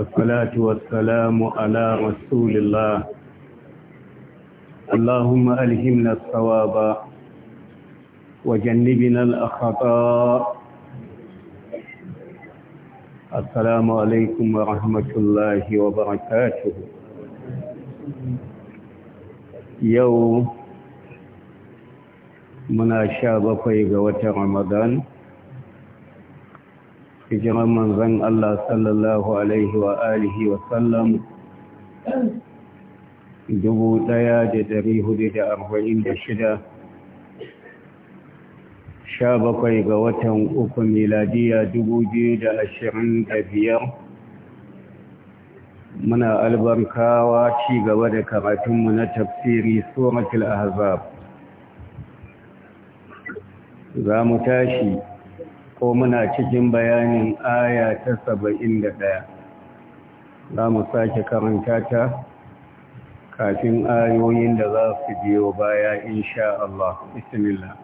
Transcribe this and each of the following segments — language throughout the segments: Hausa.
والصلاة والسلام على رسول الله اللهم ألهمنا الصواب وجنبنا الأخطاء السلام عليكم ورحمة الله وبركاته يوم منا شابك وترمضان رمضان hijiran manzan Allah sallallahu Alaihi wa alihi wa sallam dubu ɗaya da dari hudu da arba'in da shida sha bakwai ga watan uku miladiya dubu biyu da ashirin da biyar muna albarkawa ci gaba da karatunmu na tafsiri suratul ahzab za mu tashi ko muna cikin bayanin aya ta saba'in da ɗaya za mu sake karanta ta kafin ayoyin da za su biyo baya insha Allah bismillah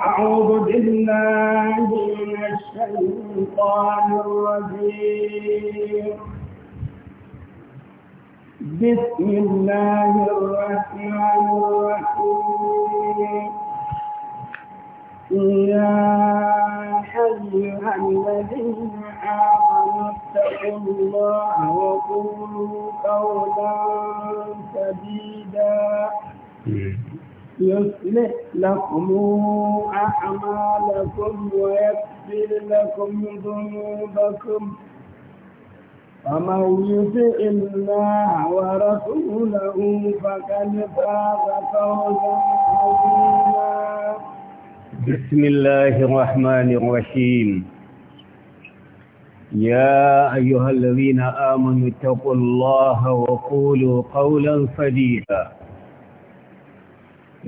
أعوذ بالله من الشيطان الرجيم بسم الله الرحمن الرحيم يا أيها الذين آمنوا اتقوا الله وقولوا قولا سديدا يصلح لكم أعمالكم ويكفر لكم ذنوبكم فمن يطع الله ورسوله فقد فاز فوزا عظيما بسم الله الرحمن الرحيم يا أيها الذين آمنوا اتقوا الله وقولوا قولا صديقا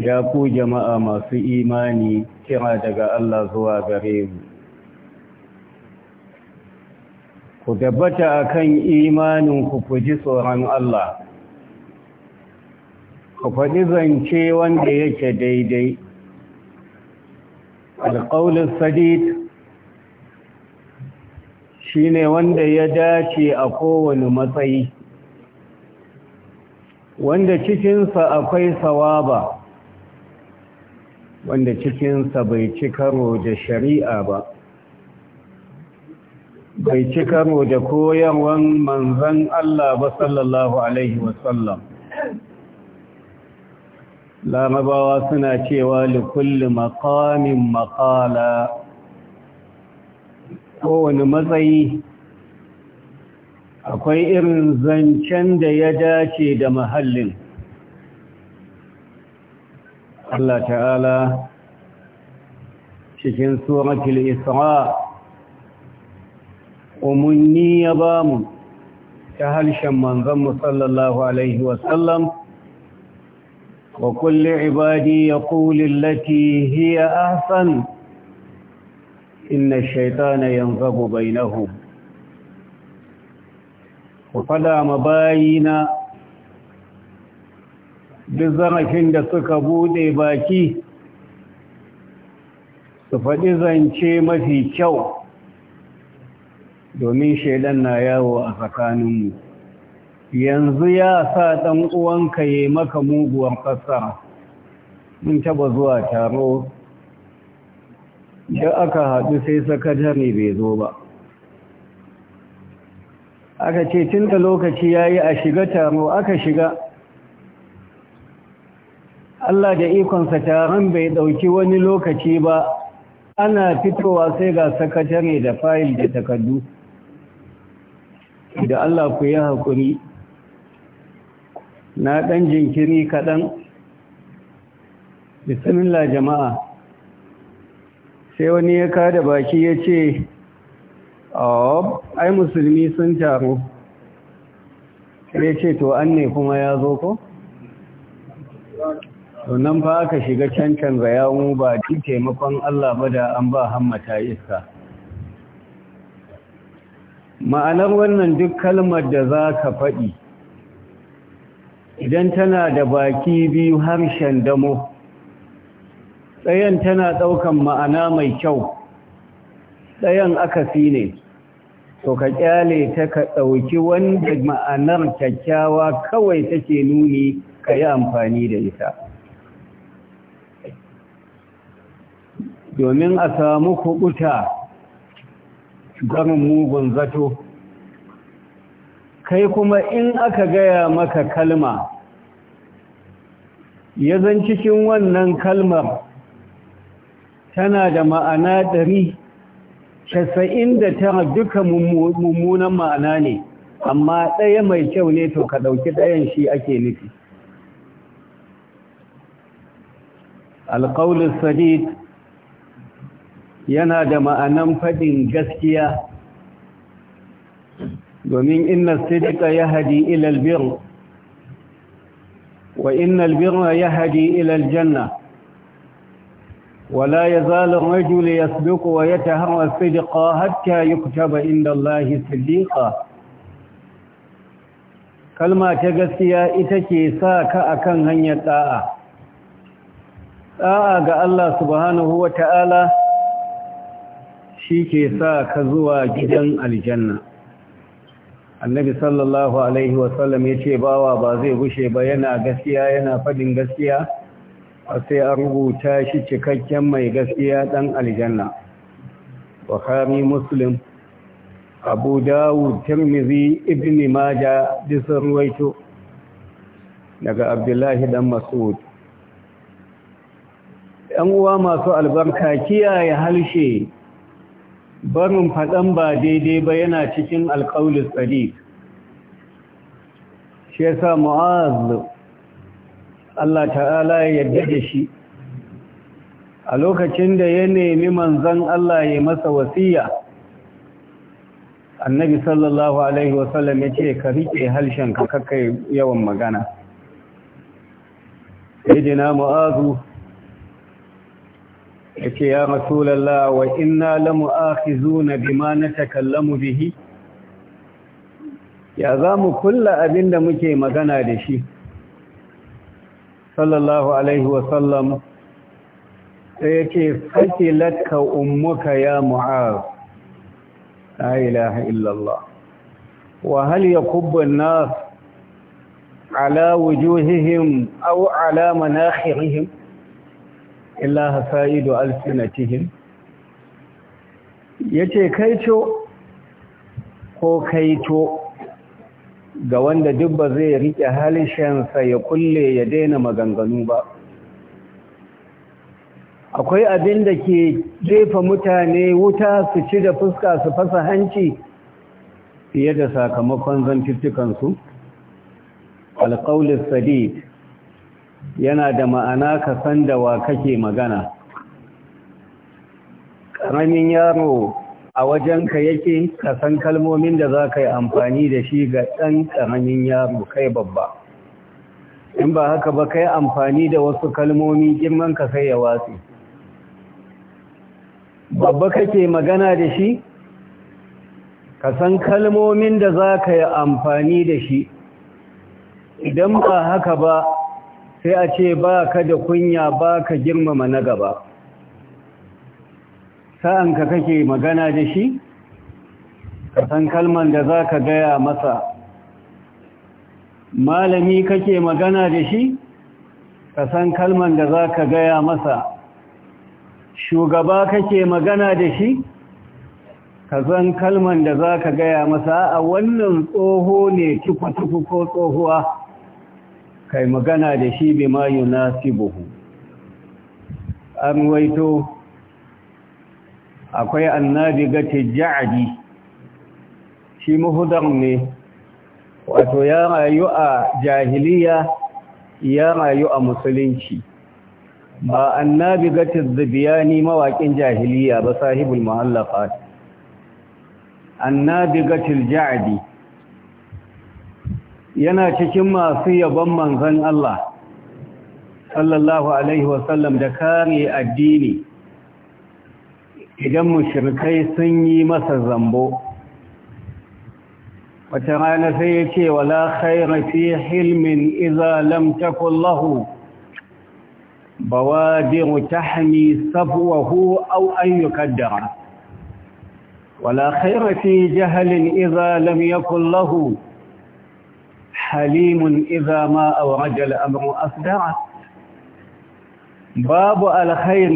يا كو جماعة ما في إيماني كرادك الله هو غريب كتبت tabbata إيمان كفجس عن الله tsoron Allah ku faɗi zance wanda yake daidai alƙaunin sadid shi ne wanda ya dace a kowane matsayi wanda cikinsa akwai sawaba wanda cikinsa bai ci karo da shari'a ba bai ci karo da koyarwan manzan Allah ba sallallahu larabawa suna cewa likulli makamin makala kowane matsayi akwai irin zancen da ya dace da mahallin Allah ta'ala cikin suratul isra umunni ya bamu ta harshen manzon sallallahu alaihi wasallam وكل عبادي يقول التي هي أحسن إن Ku faɗa ma وفلا duk zarafin da suka buɗe baki su faɗi zance mafi kyau domin shaidan na yawo a tsakaninmu yanzu ya sa ɗan uwanka ya maka muguwar fassara mun taba zuwa taro da aka haɗu sai sakatare bai zo ba aka ce tun da lokaci ya yi a shiga taro aka shiga Allah da ikonsa taron bai ɗauki wani lokaci ba ana fitowa sai ga sakatare da fayil da takardu da Allah ku yi haƙuri na ɗan jinkiri kaɗan bismillah jama'a sai wani ya kada baki ya ce ai musulmi sun taru ya ce to an ne kuma ya zo ko? to nan fa aka shiga cancan ga yawon ba duk taimakon Allah ba da an ba hammata iska ma'anar wannan duk kalmar da za ka faɗi idan tana da baki biyu harshen damo tsayan tana ɗaukan ma'ana mai kyau ɗayan akasi ne to ka kyale ta ka ɗauki wanda ma'anar kyakkyawa kawai take nuni ka yi amfani da ita domin a samu kuɓuta garin mugun zato kai kuma in aka gaya maka kalma ya zan cikin wannan kalmar tana da ma'ana ɗari casa'in da tara duka mummunan ma'ana ne amma ɗaya mai kyau ne to ka ɗauki ɗayan shi ake nufi alƙaunin sadid yana da ma'anan faɗin gaskiya domin inna sidika ya hadi ilal birr wa innal birra ya hadi ilal janna ولا يزال الرجل يصدق ويتهرى الصدق حتى يكتب عند الله Sidiqa kalma ta gaskiya ita ke sa ka akan hanyar da'a da'a ga Allah subhanahu Ta'ala, shi ke sa ka zuwa gidan aljanna annabi sallallahu alaihi wasallam ya ce bawa ba zai gushe ba yana gaskiya yana faɗin gaskiya a sai a rubuta shi cikakken mai gaskiya ɗan aljanna bukhari muslim abu dawud tirmizi ibn maja disan ruwaito daga abdullahi dan masud yan uwa masu albarka kiyaye halshe barin faɗan ba daidai ba yana cikin alƙaulis sadiq shi yasa mu'az Allah ta'ala ya da shi a lokacin da ya nemi manzan Allah ya masa wasiya annabi sallallahu alaihi wasallam ya ce ka riƙe halshen kakakai yawan magana na mu'azu ce ya rasulullah wa inna na bima mu bihi ya zamu kulla abinda muke magana da shi sallallahu alaihi wa sallam sai yace fakilatka ummuka ya mu'az la ilaha illallah wa hal yakubbu an-nas ala wujuhihim aw ala manakhirihim illa hasa'idu alsinatihim yace kaito ko kaito ga wanda duk ba zai rike sa ya kulle ya daina maganganu ba akwai abin da ke jefa mutane wuta su ci da fuska su fasa hanci fiye da sakamakon su alƙaulis sadid yana da ma'ana ka san da wa kake magana ƙaramin yaro a wajenka yake ka san kalmomin da za ka yi amfani da shi ga ɗan ƙaramin yaro kai babba in ba haka ba kai amfani da wasu kalmomi girman ka sai ya watsi babba kake magana da shi ka san kalmomin da za ka yi amfani da shi idan ba haka ba sai a ce ba ka da kunya ba ka girmama na gaba sa'an ka kake magana da shi ka san kalman da za ka gaya masa malami kake magana da shi ka san kalman da za ka gaya masa shugaba kake magana da shi ka san kalman da za ka gaya masa a wannan tsoho ne cikwa-cikwa ko tsohuwa kai magana da shi bi ma yunasibuhu an waito akwai annabi ga tijjadi shi muhudar ne wato ya rayu a jahiliya ya rayu a musulunci ba annabi ga zubiyani mawaƙin jahiliya ba sahibul muhallafat annabi ga tiljadi yana cikin masu yabon manzan Allah sallallahu alaihi wasallam da kare addini idan mushrikai sun yi masa zambo wata rana sai ya ce wala khaira fi hilmin iza lam takun lahu bawadiru tahmi safwahu aw an yukaddara wala khaira fi jahlin iza lam yakun حليم إذا ما أورج الأمر أصدعه باب الخير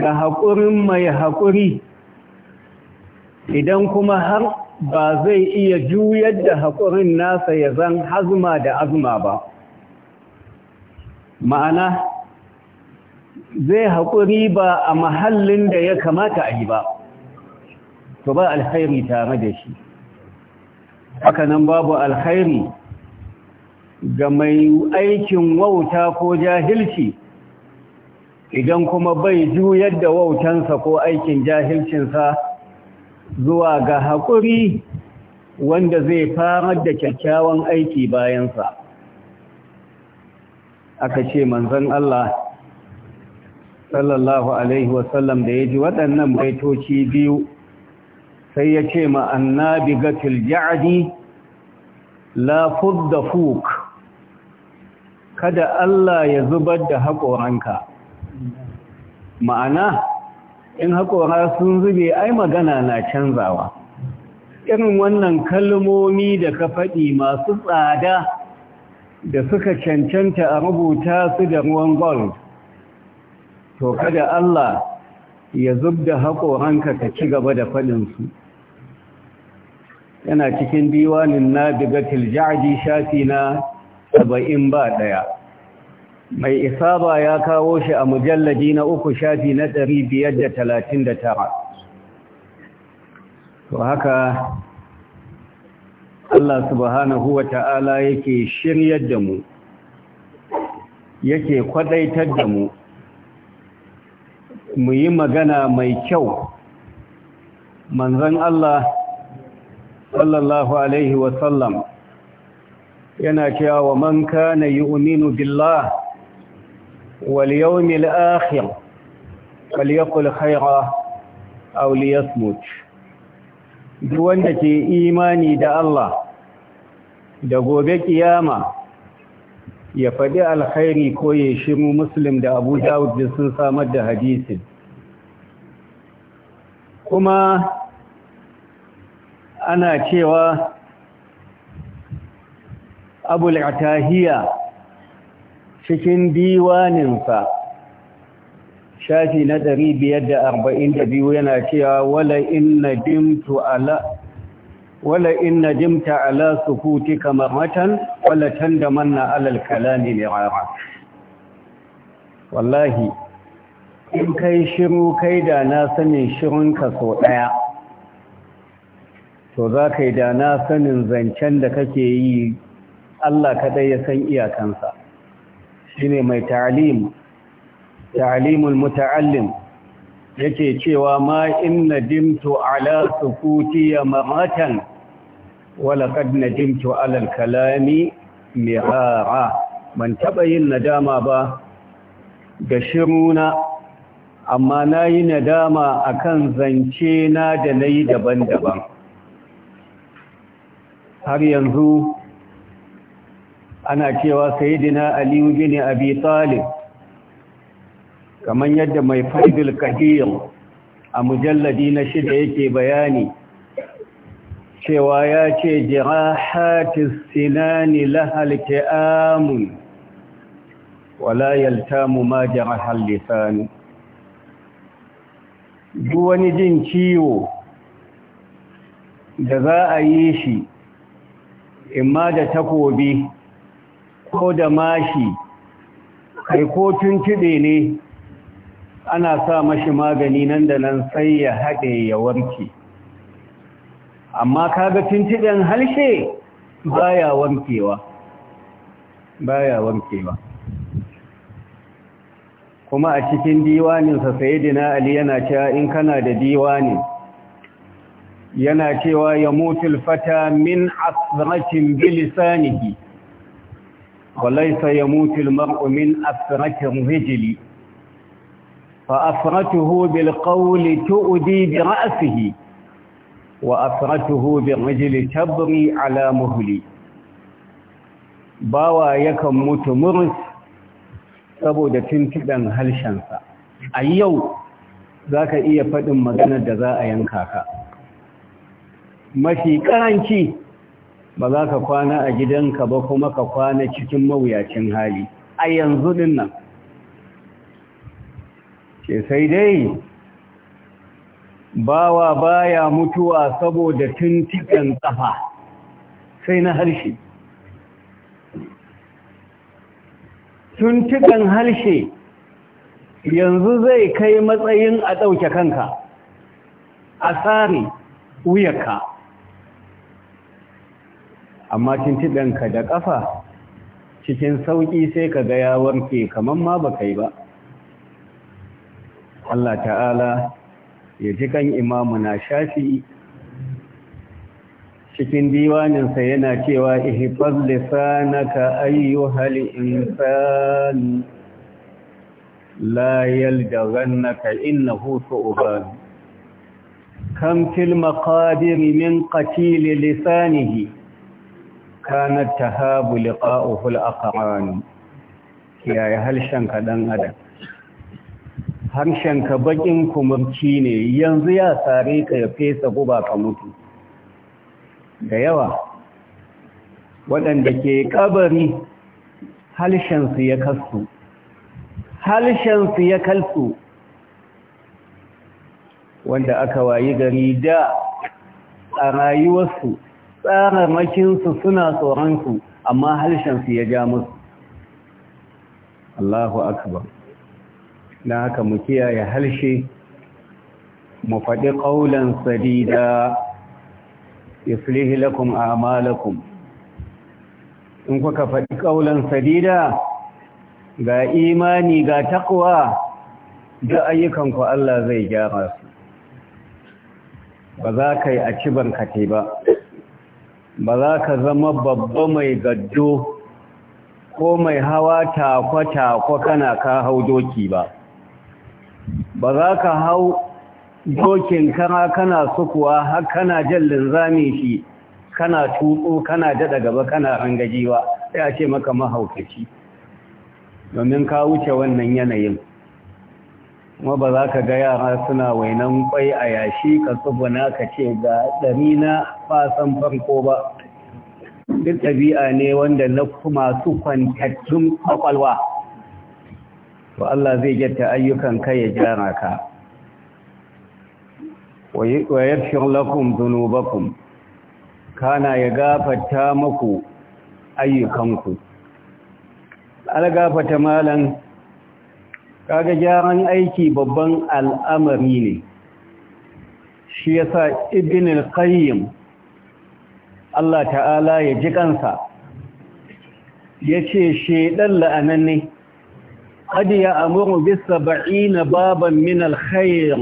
ga haƙurin mai haƙuri idan kuma har ba zai iya juyar da haƙurin nasa ya zan hazma da azma ba ma'ana zai haƙuri ba a mahallin da ya kamata a yi ba to ba alhairi tare da shi haka nan babu alkhairi ga mai aikin wauta ko jahilci idan kuma bai juyar da wautansa ko aikin jahilcinsa zuwa ga haƙuri wanda zai fara da kyakkyawan aiki bayansa aka ce manzon Allah sallallahu alaihi wasallam da ya ji waɗannan baitoci biyu sai ya ce ma'anna bigatil ja'adi la fudda fuk kada Allah ya zubar da haƙoranka ma'ana in haƙora sun zube ai magana na canzawa irin wannan kalmomi da ka faɗi masu tsada da suka cancanta a rubuta su da ruwan gold to kada Allah ya zub da haƙoranka ka ci gaba da faɗinsu yana cikin diwanin daga tiljaji shafi na saba'in ba ɗaya. mai isaba ya kawo shi a mujallaji na uku shafi na biyar da da talatin tara. to haka Allah subhanahu wa ta'ala yake shiryar da mu, yake kwadaitar da mu, mu yi magana mai kyau, manzan Allah sallallahu alaihi wasallam yana cewa wa man kana yu'minu billah wal yawmil akhir falyaqul khayra aw liyasmut duk wanda ke imani da Allah da gobe kiyama ya faɗi alkhairi ko ya shimu muslim da abu dawud sun samar da hadisin kuma ana cewa abul atahiya cikin diwaninsa shafi na ɗari biyar da da biyu yana cewa wala inna dimtu ala wala inna dimta ala sukuti kamar matan wala tandamanna alal kalami li'ara wallahi in kai shiru kai da na sanin shirinka so ɗaya to za ka yi da na sanin zancen da kake yi Allah kaɗai ya san iyakansa shi ne mai ta'alim ta'alimul muta'allim yake cewa ma inna dimtu ala sukuti ya mamatan walaƙad na dimtu alal kalami mihara ban taɓa yin nadama ba da shiruna amma na yi nadama akan zance na da na yi daban-daban har yanzu ana cewa dina aliyu bin abi talib kamar yadda mai faidul kadir a mujalladi na shida yake bayani cewa ya ce jirahatis sinani lahal ta'amun wala yaltamu ma jirahal lisani duk wani jin ciwo da za a yi shi imma da takobi ko da mashi kai ko tuntuɗe ne ana sa mashi magani nan da nan sai ya haɗe ya warke amma kaga tuntuɗen halshe baya wankewa baya wankewa kuma a cikin diwaninsa saidina ali yana cewa in kana da diwani yana cewa ya mutul fata min asratin bilisanihi walaisa ya mutul mar'u min asratin tu'di bi ra'sihi wa asratuhu وأثرته rijli tabri ala muhli bawa yakan mutu murus saboda tintidan halshansa a yau za iya faɗin maganar da za a yanka ka mafi karanci ba za ka kwana a gidanka ba kuma ka kwana cikin mawuyacin hali a yanzu din nan ke sai dai bawa baya mutuwa saboda tuntuɓen tsafa sai na harshe tuntuɓen harshe yanzu zai kai matsayin a ɗauke kanka a tsari wuyarka amma ka da ƙafa cikin sauƙi sai ka ga ya warke kamar ma ba kai ba Allah ta'ala ya ji kan imamu na shafi cikin diwaninsa yana cewa ihfaz lisanaka ayyuhal insan la yaldaghannaka innahu su'ban kam til maqadir min qatil lisanihi kanar ta habu liƙa'uhul akarani kiyaye harshenka ɗan adam harshenka baƙin kumurci ne yanzu ya tsare ka ya fesa guba ka mutu da yawa waɗanda ke ƙabari harshen ya kasu ya kalsu wanda aka wayi gari da a rayuwarsu tsararrakinsu suna tsoronsu amma harshensu ya ja musu Allahu akbar na haka mu kiyaye harshe mu faɗi ƙaunar sadida yuslihi lakum a'malakum in kuka faɗi ƙaunar sadida ga imani ga takwa da ayyukanku Allah zai gyara su ba za ka yi a cibar kate ba ba za ka zama babba mai gaddo ko mai hawa takwa-takwa kana ka hau doki ba ba za ka hau dokin kana kana sukuwa har kana jan linzami shi kana tutsu kana daɗa gaba kana hangajiwa sai a ce maka mahaukaci domin ka wuce wannan yanayin kuma ba za ka ga yara suna wainan kwai a yashi ka tsubuna ka ce ga ɗari na fasan farko ba duk ɗabi'a ne wanda na masu kwantattun kwakwalwa Ba Allah zai gyata ayyukan kai ya gyara ka wa yafshir lakum dhunubakum kana ya gafata maku ayyukanku al malan kaga gyaran aiki babban al'amari ne shi yasa ibn al-qayyim Allah ta'ala ya ji kansa yace shedan la'ananne qad ya'muru bis 70 baban min al-khayr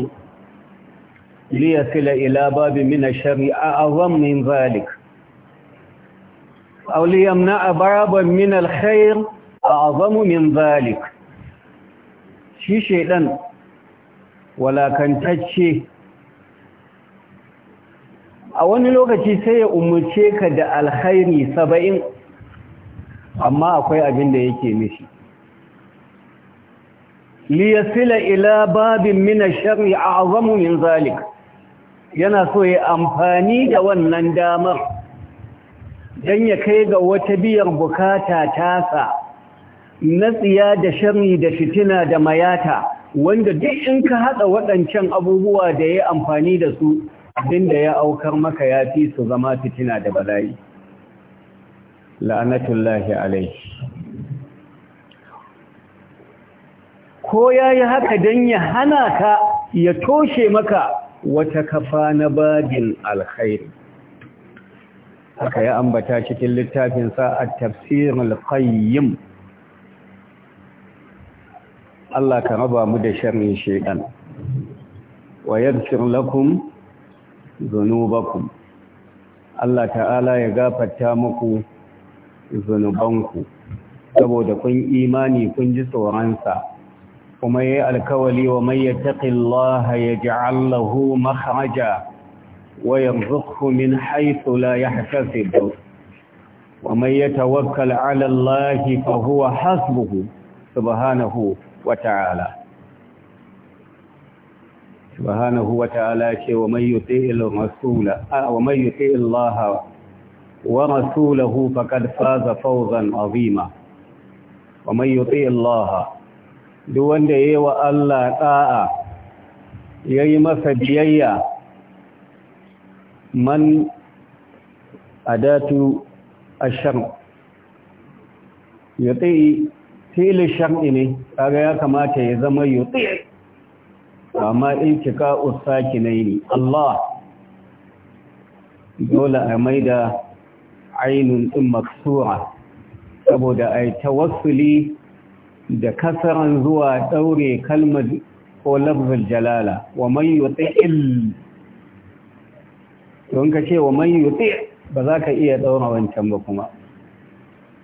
liyasila ila babin min ash-shari' a'zam min zalik aw liyamna'a baban min al-khayr a'zam min zalik shi shaidan walakantacce a wani lokaci sai ya umarce ka da alhairi saba'in amma akwai abin da yake mishi liyasila ila babin mina shari'a azamu min zalik yana so ya amfani da wannan damar don ya kai ga wata biyar bukata tasa na tsiya da sharri da fitina da mayata wanda duk in ka haɗa waɗancan abubuwa da ya amfani da su da ya aukar maka ya fi su zama fitina da bala'i la'anatullahi alaihi ko ya yi haka don ya hana ka ya toshe maka wata kafa na babin alkhairi haka ya ambata cikin littafinsa a tafsirin alkhayyim Allah ka raba mu da sharrin shaitan wa yaghfir lakum dhunubakum Allah ta'ala ya gafarta muku zunubanku saboda kun imani kun ji tsoronsa kuma yayi alkawali wa man yattaqillaha yaj'al lahu makhraja wa yarzuqhu min haythu la yahtasib wa man yatawakkal 'ala Allah fa huwa hasbuhu subhanahu wata'ala subhanahu wata'ala ce wa mai man yuti'il rasula wa mai yuti'il illaha wa rasulahu faqad faza fawzan azima wa mai yuti'il illaha. duk wanda yayi wa Allah da'a yayi masa biyayya man adatu ashar yuti'i filin shan'i ne kaga ya kamata ya zama yutse amma in kika usaki ne Allah dole a maida ainun ɗin maksura saboda ai tawassuli da kasaran zuwa daure kalmar ko lafzul jalala wa man yuti'il don ka ce wa man yuti' ba za ka iya ɗaura wancan ba kuma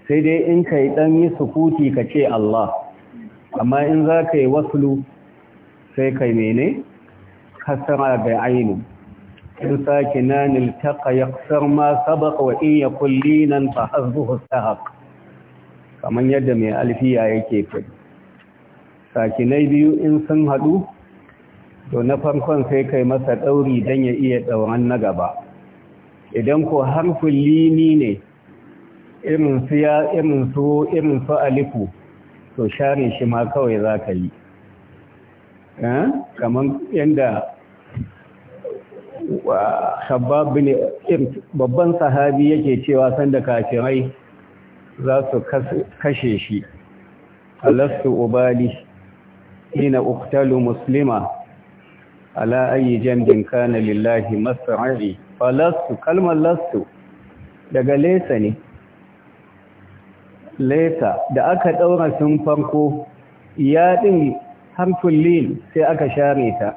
sai dai in ka yi ɗan yi sukuti ka ce Allah amma in za ka yi waslu sai ka mene kasara da ainu in sake nan iltaka ya ma sabaka wa ya kulli nan fa hazuhu sahak kamar yadda mai alfiya yake fi na biyu in sun haɗu to na farkon sai kai masa ɗauri don ya iya ɗauran na gaba idan ko harfin lini ne irin su ya irin su irin su alifu to share shi ma kawai za ka yi eh? kamar yadda babban sahabi yake cewa sanda kafirai za su kashe shi alastu ubali ina uktalu muslima ala ayi jambin kana lillahi masra'i falastu kalmar lastu daga lesa ne leta da aka ɗaura sun farko ya ɗin harfin lin sai aka share ta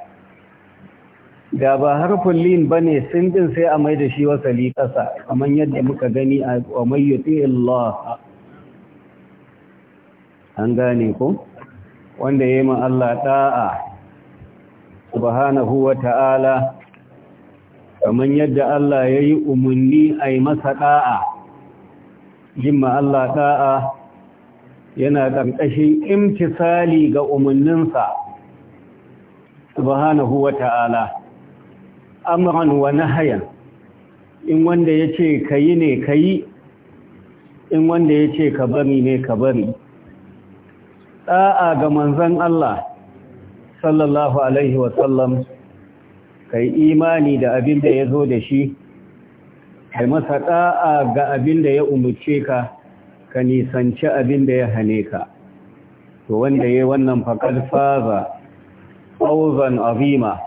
da ba harfin lin ba sun ɗin sai a maida shi wasali ƙasa kamar yadda muka gani a mayyuti Allah an gane ko wanda ya yi ma Allah ta'a subhanahu wa ta'ala kamar yadda Allah yayi yi umarni a masa ɗa'a jimma Allah ta'a yana ƙarƙashin imtisali ga umarninsa subhanahu wa ta'ala amran wa nahayan in wanda ya ce ka yi ne ka yi in wanda ya ce ka bari ne ka bari ɗa'a ga manzan Allah sallallahu Alaihi wasallam ka yi imani da abin da ya zo da shi kai masa ɗa'a ga abin da ya umarce ka ka nisanci abin da ya hane ka to wanda ya wannan faƙar faza ƙauzan azima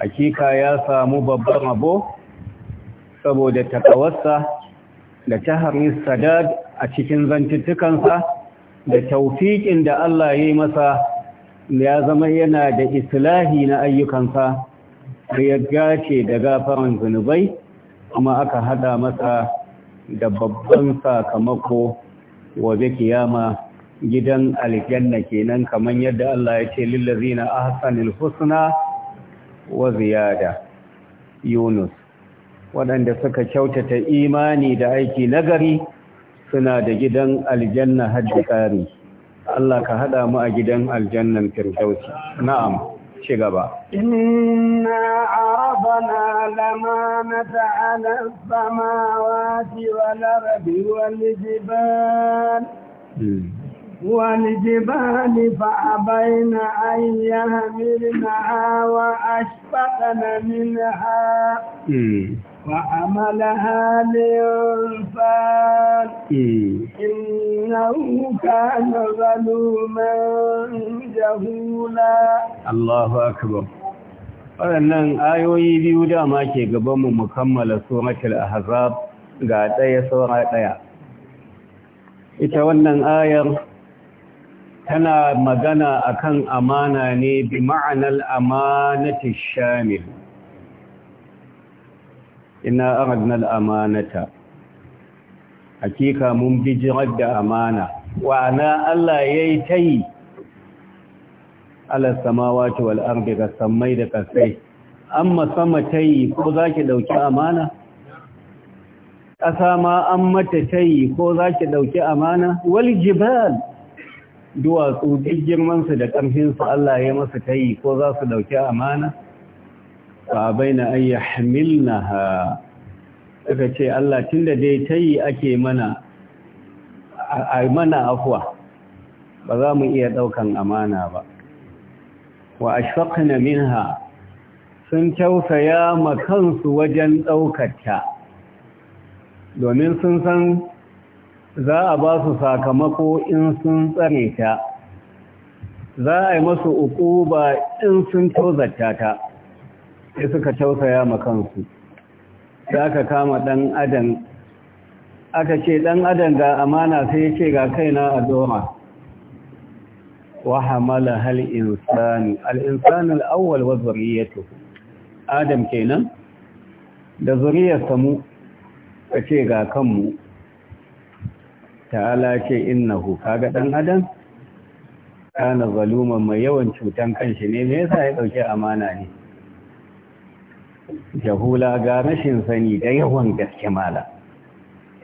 hakika ya samu babban abu saboda takawarsa da taharin sadad a cikin zantuttukansa da taufiƙin da Allah ya yi masa ya zama yana da islahi na ayyukansa da ya gace da gafaran zunubai kuma aka hada masa da babban sakamako waje kiyama gidan aljanna kenan kamar yadda Allah ya ce lillazina ahsanil husna wa ziyada yunus wadanda suka kyautata imani da aiki nagari suna da gidan aljanna hajji ƙari Allah ka haɗa mu a gidan aljannan firdausi na'am ci gaba inna arabana sama ala samawati wa larabi wa jibal hmm. والجبال فأبين أن يهملنها وأشفقن منها وحملها لإنفاق إنه كان ظلوما جهولا الله أكبر waɗannan ayoyi biyu dama ke gabanmu mu kammala suratul ahzab ga ɗaya saura ɗaya ita wannan ayar tana magana akan amana ne bi ma'anar amanati shamil ina aradna amanata hakika mun bijirar da amana wa'ana Allah yayi tayi Alas, samawati wal ardi ga sammai da kasai amma sama yi, ko ki ɗauki amana ƙasa ma an mata tayi ko ki ɗauki amana wal jibal duwatsu duk girmansu da ƙarfinsu Allah ya masa tayi ko za su ɗauki amana ba bai na ayya na, ha suka ce Allah tun da dai tayi ake mana a mana afuwa ba za mu iya ɗaukan amana ba wa ashfaqna minha sun tausaya ma kansu wajen ɗaukata domin sun san za a ba su sakamako in sun tsare ta za a yi masu ba in sun tozarta ta ya suka tausaya ma kansu za ka kama ɗan adam aka ce ɗan adam ga amana sai ce ga kaina a doma wa hamala hal insani al insani al wa zurriyatuhu adam kenan da samu. ka ce ga kanmu ta'ala ce innahu kaga dan adam kana zaluman mai yawan cutan kanshi ne me yasa ya dauke amana ne jahula ga rashin sani da yawan gaske mala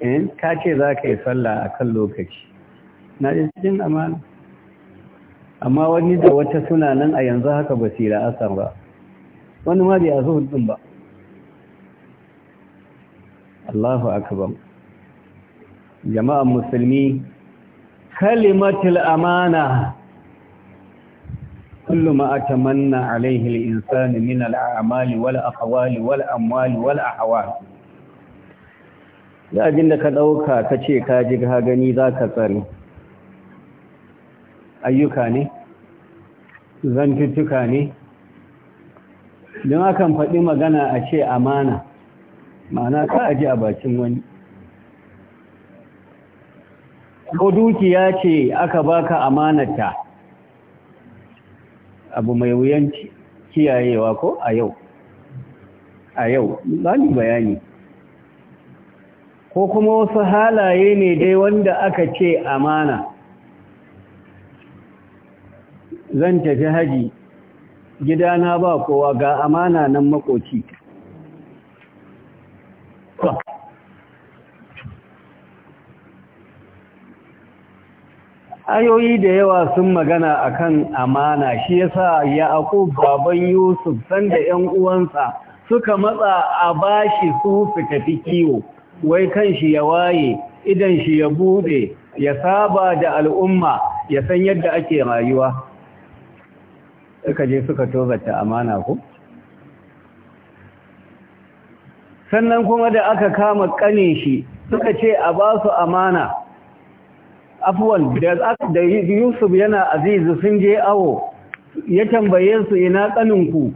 in eh, ka ce za ka yi sallah a kan lokaci na da cikin amana amma wani da wata suna nan a yanzu haka ba su ba wani ma bai a zuhudin ba Allahu akbar jama'an musulmi kalimatul amana kullu ma atamanna alaihi al-insanu min al-a'mali wal aqwali wal amwali wal ahwal da abinda ka dauka kace ka ji ga gani zaka tsare ayyuka ne zantuttuka ne don akan faɗi magana a ce amana ma'ana ka aji a bakin wani ko dukiya ce aka baka amanata abu mai wuyan kiyayewa ko a yau a yau bani bayani ko kuma wasu halaye ne dai wanda aka ce amana zan tafi haji gidana ba kowa ga amana nan makoci ayoyi da yawa sun magana akan amana shi yasa yaqub baban yusuf sanda ƴan uwansa suka matsa a bashi su su kiwo wai kan shi ya waye idan shi ya bude ya saba da al'umma ya san yadda ake rayuwa suka je suka tozata amana ku sannan kuma da aka kama kanin shi suka ce a ba su amana afwan da yusuf yana azizu sun je awo ya tambaye su ina kaninku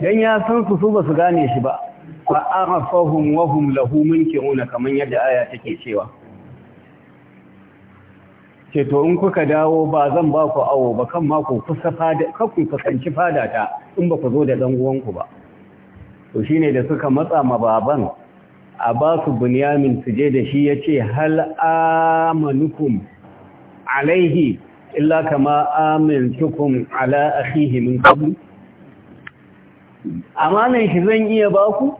dan ya san su su basu gane shi ba fa arafahum wa hum lahu munkiruna kaman yadda aya take cewa ce to in kuka dawo ba zan ba ku awo ba kan ma kusa fada kakun kusanci fada ta in ba ku zo da dan uwanku ba to shine da suka matsa ma baban a ba su bunyamin su je da shi ya ce hal amanukum alaihi illa kama amintukum ala akhihi min qabl amanan shi zan iya ba ku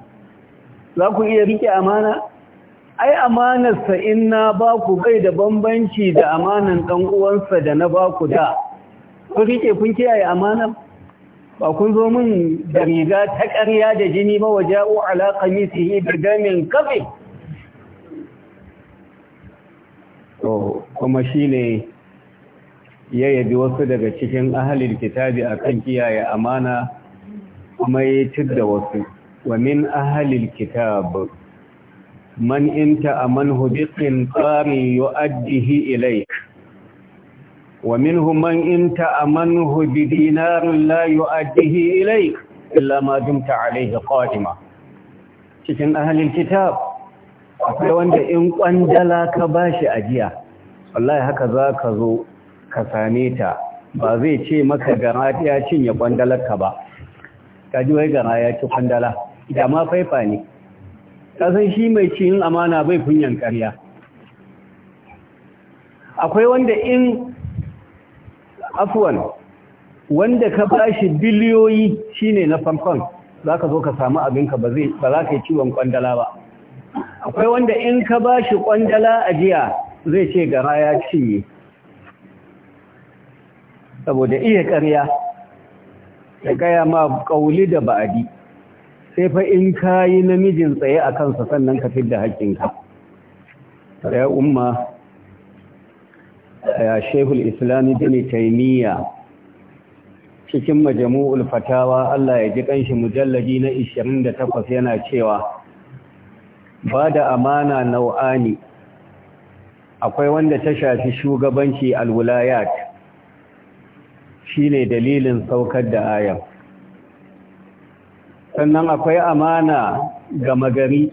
za ku iya rike amana ai amanarsa in na ba ku bai da bambanci da amanan dan uwansa da na ba ku da ku rike kun kiyaye amanar ba kun zo min da riga ta ƙarya da jini ba wa ja'u ala qamisihi bi damin kafi to kuma ne ya yabi wasu daga cikin ahalin kitabi akan kiyaye amana kuma ya da wasu wa min ahalil kitab man inta amanhu biqin qari yu'addihi ilayka ومنهم من إن تأمنه بدينار لا يؤديه إليك إلا ما دمت عليه قادمة cikin ahalin kitab akwai wanda in kwandala ka bashi ajiya wallahi haka za ka zo ka same ta ba zai ce maka gara ya cinye ka ba ka ji wai gara ya ci kwandala da ma faifa ne san shi mai cin amana bai kunyan karya akwai wanda in afwan wanda ka bashi biliyoyi shine na famfam zaka zo ka samu abinka ba zai ba za ka yi ciwon kwandala ba akwai wanda in ka bashi kwandala a jiya zai ce gara ya cinye saboda iya ƙarya ya gaya ma ƙauli da ba'adi sai fa in ka yi namijin tsaye a kansa sannan ka da haƙƙinka ya umma shehul islami bin taimiyya cikin majamu'ul fatawa Allah ya ji kanshi mujallaji na 28 yana cewa Bada amana nau'ani akwai wanda ta shafi shugabanci alwulayat shine dalilin saukar da aya sannan akwai amana ga magari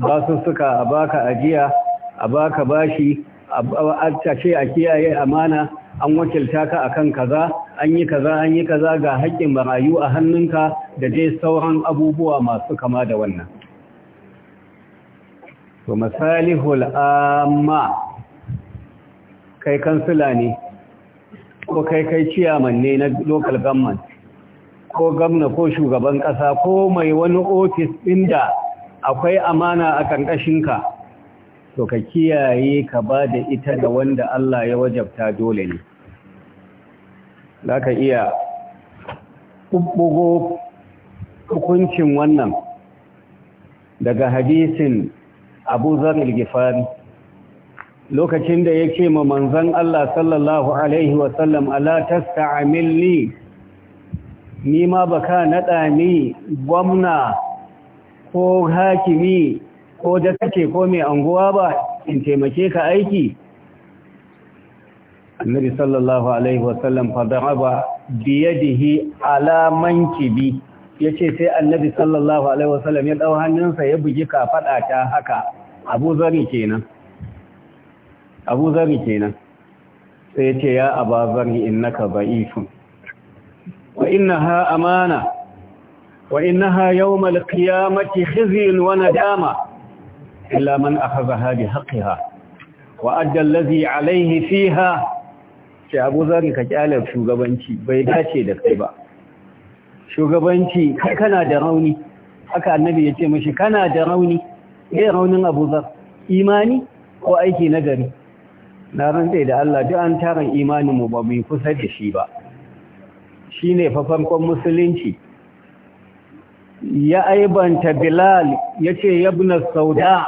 ba su suka a baka ajiya a baka bashi a ce a kiyaye amana an wakilta ka akan kaza an yi kaza an yi kaza ga haƙƙin marayu a hannunka da dai sauran abubuwa masu kama da wannan to masalihul amma kai kansila ne ko kai kai ciyaman ne na lokal government ko gamna ko shugaban ƙasa ko mai wani ofis ɗin da akwai amana a ƙarƙashinka to ka kiyaye ka ba da ita da wanda Allah ya wajabta dole ne za ka iya ƙuɓɓugo hukuncin wannan daga hadisin abu zarar gifari lokacin da ya ce ma manzan Allah sallallahu Alaihi wasallam ala tasta nima ni ma baka naɗa ni gwamna ko hakimi ko da take ko mai anguwa ba in taimake ka aiki annabi sallallahu alaihi wasallam fadaraba biyadihi ala mankibi yace sai annabi sallallahu alaihi wasallam ya dau hannunsa ya bugi ka fada ta haka Abu Zari kenan Abu Zari kenan sai yace ya Abu Zari innaka ba'ifun wa innaha amana wa innaha yawm al-qiyamati khizyun wa nadama إلا من أخذها بحقها وأدى الذي عليه فيها ce abu zari ka kyalar shugabanci bai dace da kai ba shugabanci kai kana da rauni haka annabi ya ce mashi kana da rauni ɗaya raunin abu imani ko aiki nagari na rantse da Allah duk an tarin imanin mu ba mu kusa da shi ba shi ne farkon musulunci ya aibanta bilal yace yabna sauda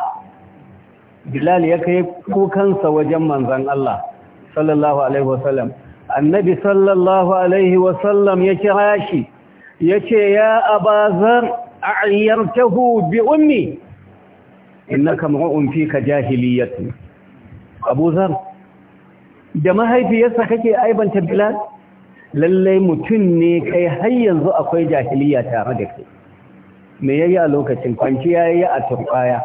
bilal ya kai kukansa wajen manzan Allah sallallahu alaihi wasallam annabi sallallahu alaihi wasallam ya kira shi yace ya abazar tahu bi ummi innaka mar'un fika jahiliyyatu abuzar da mahaifiyarsa kake aibanta bilal lallai mutum ne kai har yanzu akwai jahiliya tare da kai me yayi a lokacin kwanciya yayi a turbaya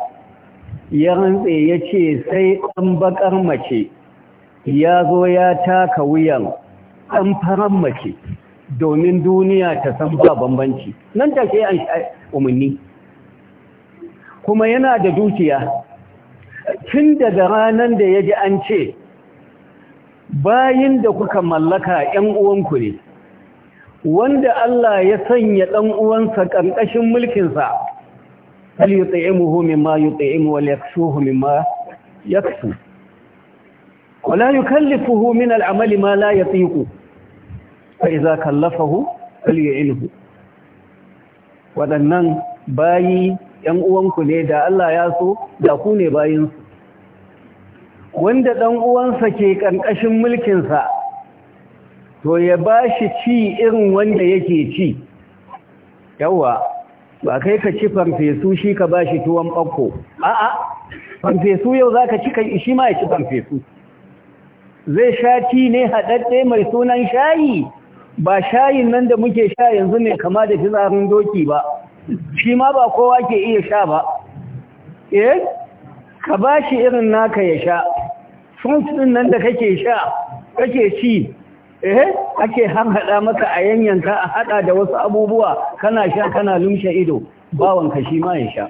ya rantse ya ce sai ɗan baƙar mace ya zo ya taka wuyan ɗan faran mace domin duniya ta san ba bambanci nan ta ke an umarni kuma yana da dukiya tun daga ranar da ya ji an ce bayin da kuka mallaka ‘yan uwanku ne wanda Allah ya sanya ɗan uwansa ƙarƙashin mulkinsa hal yut'imuhu mimma yut'imu wal yakshuhu mimma yakshu wala yukallifuhu min al'amali ma la yatiqu fa idza kallafahu falyu'inhu wadannan bayi yan uwanku ne da Allah ya so da ku ne bayinsu wanda ɗan uwansa ke ƙarƙashin mulkinsa to ya ba shi ci irin wanda yake ci yawa ba kai ka ci farfesu shi ka ba shi tuwon ɓakko a'a farfesu yau za ka ci shi ma ya ci farfesu zai shati ne haɗaɗɗe mai sunan shayi ba shayin nan da muke sha yanzu ne kama da fizarin doki ba shi ma ba kowa ke iya sha ba eh ka ba shi irin naka ya sha sun ɗin nan da kake sha kake ci eh ake harhaɗa maka a yanyanka a haɗa da wasu abubuwa kana sha kana lumshe ido ka shi ma ya sha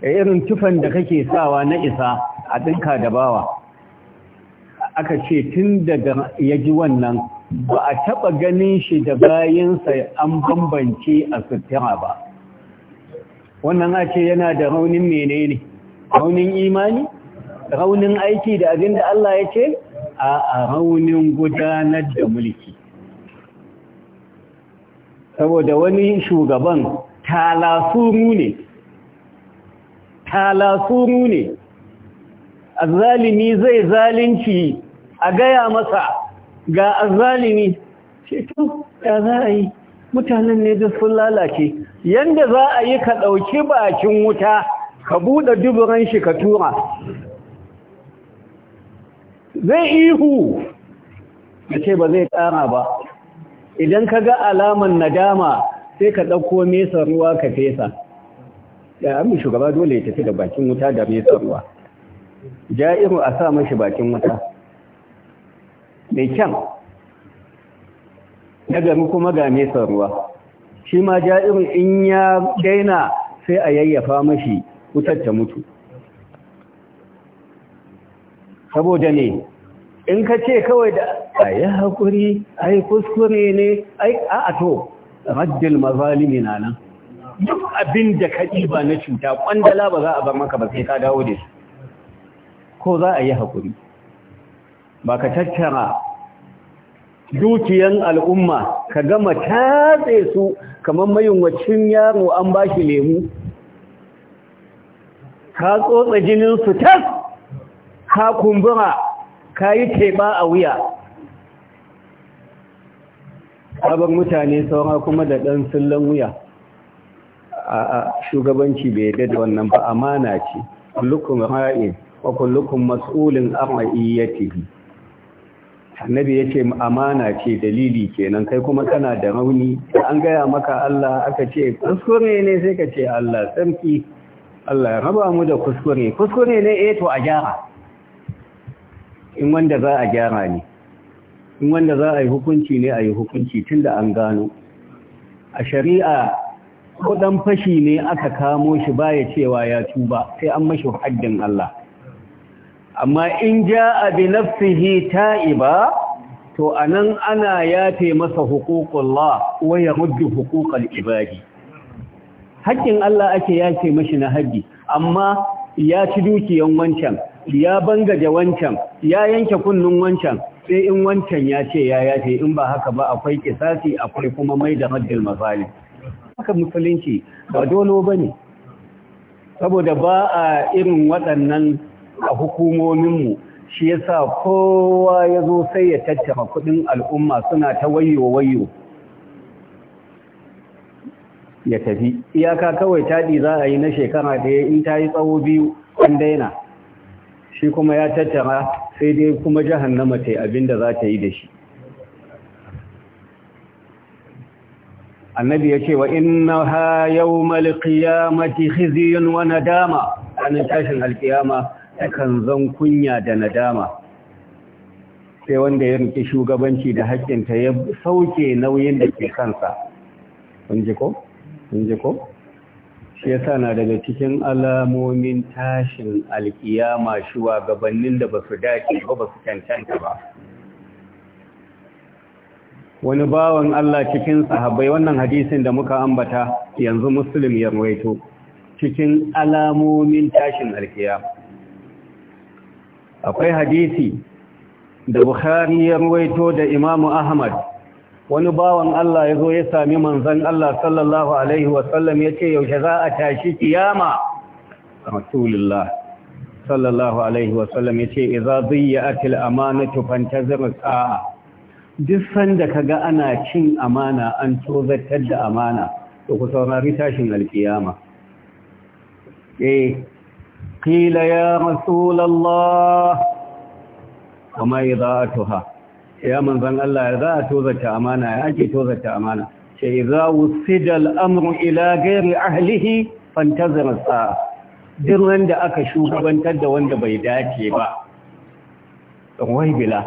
da eh, irin tufan da kake sawa na isa a ɗinka da bawa aka ce tun daga ya ji wannan ba a taɓa ganin shi da bayansa an bambance a sutura ba wannan a ce yana da raunin menene raunin imani raunin aiki da abin da Allah ya ce a raunin gudanar da mulki saboda wani shugaban talasuru ne talasuru ne azzalimi zai zalunci a gaya masa ga azzalimi ce to ya za a yi mutanen ne da sun lalace yanda za a yi ka ɗauki bakin wuta ka buɗe duburan shi ka tura zai ihu A ce ba zai ƙara ba idan ka ga alaman nadama sai ka ɗauko nesa ruwa ka fesa da amin shugaba dole ya tafi da bakin wuta da nesa ruwa ja'iru a sa mashi bakin wuta mai kyan na gami kuma ga nesa ruwa shi ma ja'iru in ya daina sai a yayyafa mashi wutar ta mutu saboda ne in ka ce kawai da 'A ayi hakuri ai kuskure ne ai a to raddil mazalimi na nan duk abin da ka ba na cuta ƙwandala ba za a bar maka ba sai ka dawo da shi ko za a yi haƙuri? ba ka tattara dukiyan al'umma ka gama tatse su kamar mayunwacin yaro an ba shi lemu ka tsotsa jininsu tas ka kumbura ka yi teba a wuya sabon mutane saura kuma da ɗan sullon wuya a shugabanci bai dada wannan ba amana ce kullukun ra'in wa kullukun mas'ulin ar'iyyatihi annabi ce amana ce dalili kenan kai kuma kana da rauni Da an gaya maka Allah aka ce kuskure ne sai ka ce Allah sarki Allah ya raba mu da kuskure kuskure ne eh to a gyara in wanda za a gyara ne in wanda za a yi hukunci ne a yi hukunci tun da an gano a shari'a ko fashi ne aka kamo shi baya cewa ya tuba sai an mashi haddin Allah amma in ja abi nafsihi ta'iba to anan ana yafe masa huququllah wa yaruddu huquqal ibadi haƙƙin Allah ake yafe mashi na haddi amma ya ci dukiyan wancan ya bangaje wancan ya yanke kunnun wancan sai in wancan ya ce ya yace in ba haka ba akwai kisasi akwai kuma mai da maddil mazali haka musulunci ba dolo bane saboda ba a irin waɗannan a hukumominmu shi yasa kowa ya zo sai ya tattara kuɗin al'umma suna ta wayo-wayo ya tafi iyaka kawai taɗi za a yi na shekara ɗaya in ta yi tsawo biyu an daina shi kuma ya tattara sai dai kuma jahannama ta yi abinda za ta yi da shi annabi ya ce wa inna ha yau malƙiyamati khiziyun wa nadama ranar tashin alkiyama ta kan zan kunya da nadama sai wanda ya rike shugabanci da haƙƙinta ya sauke nauyin da ke kansa ko? ko? shi yasa na daga cikin alamomin tashin alkiyama gabanin da ba su dace ba ba su cancanta ba wani bawan Allah cikin sahabbai wannan hadisin da muka ambata yanzu muslim ya cikin alamomin tashin alkiyama akwai hadisi da Bukhari ya da imamu Ahmad wani bawan Allah ya zo ya sami manzan Allah sallallahu alaihi wasallam ya ce yaushe za a tashi kiyama rasulullah sallallahu alaihi wasallam ya ce idza dhiyatil amanatu fantazir sa'a duk sanda ga ana cin amana an tozartar da amana to ku saurari tashin alkiyama eh qila ya rasulullah kama idza'atuha ya manzan Allah za a tozarta amana ya ake tozarta amana ce idza amru ila gairi ahlihi fantazir sa'a duk wanda aka shugabantar da wanda bai dace ba wai bila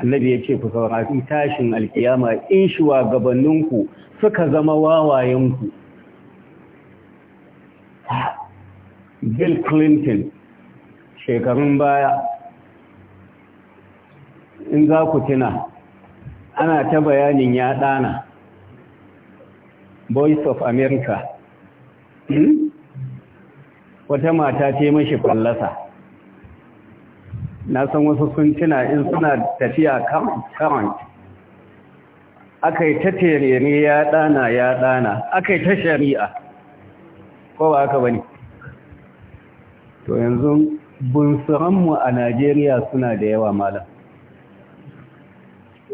annabi ya ce ku saurari tashin alkiyama in shugabanninku suka zama wawayenku Bill Clinton shekarun baya in za ku tuna ana ta bayanin ya ɗana voice of america hmm? wata mata ce mashi fallasa na san wasu sun tuna in suna tafiya current aka yi ta terere ya ɗana ya ɗana aka yi ta shari'a ko ba aka bane to yanzu bunsuranmu a najeriya suna da yawa malam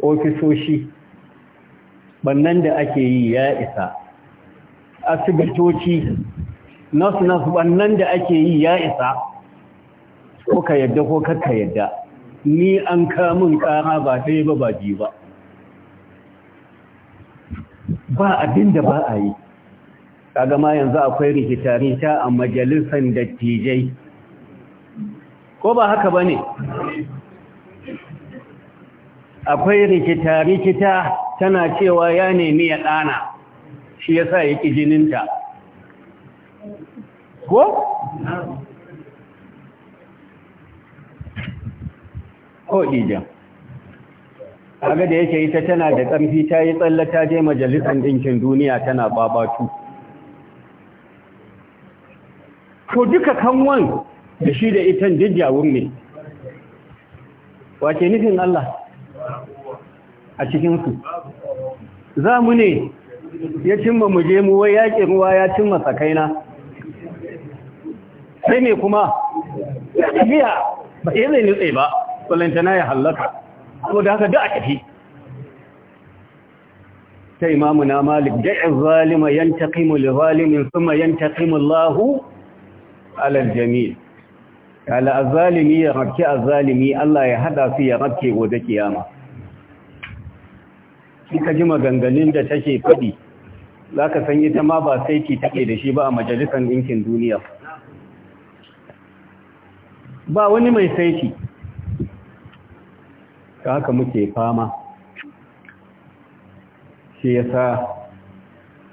ofisoshi bannan da ake yi ya isa asibitoci nas-nas bannan da ake yi ya isa ko ka yadda ko kaka yadda ni an kamun kara ba yi ba ba ji ba ba abin da ba a yi yanzu akwai rikitarita a majalisar dattijai ko ba haka ba ne akwai rikita-rikita tana cewa ya nemi ya ɗana shi ya sa ya ƙi jininta ko? ko ɗijan aga da yake ita tana da ƙarfi ta yi tsallata je majalisar ɗinkin duniya tana babatu Ko duka kanwan da shi da itan jijjawun ne wace nufin Allah a cikinsu za mu ne ya cimma mu je mu wai yaƙi ruwa ya cimma tsakaina sai mai kuma tafiya ba ɗaya zai nutse ba tsalantana ya hallaka ko da haka da a tafi ta imamu na malik da'in zalima yan taƙimu lizalimin suma yan taƙimu lahu alal jami'in kala azalimi ya rabke azalimi Allah ya haɗa su ya rabke gobe kiyama in ka ji maganganun da take faɗi za ka san ita ma ba saiti take da shi ba a majalisar ɗinkin duniya ba wani mai saiti ta haka muke fama shi ya sa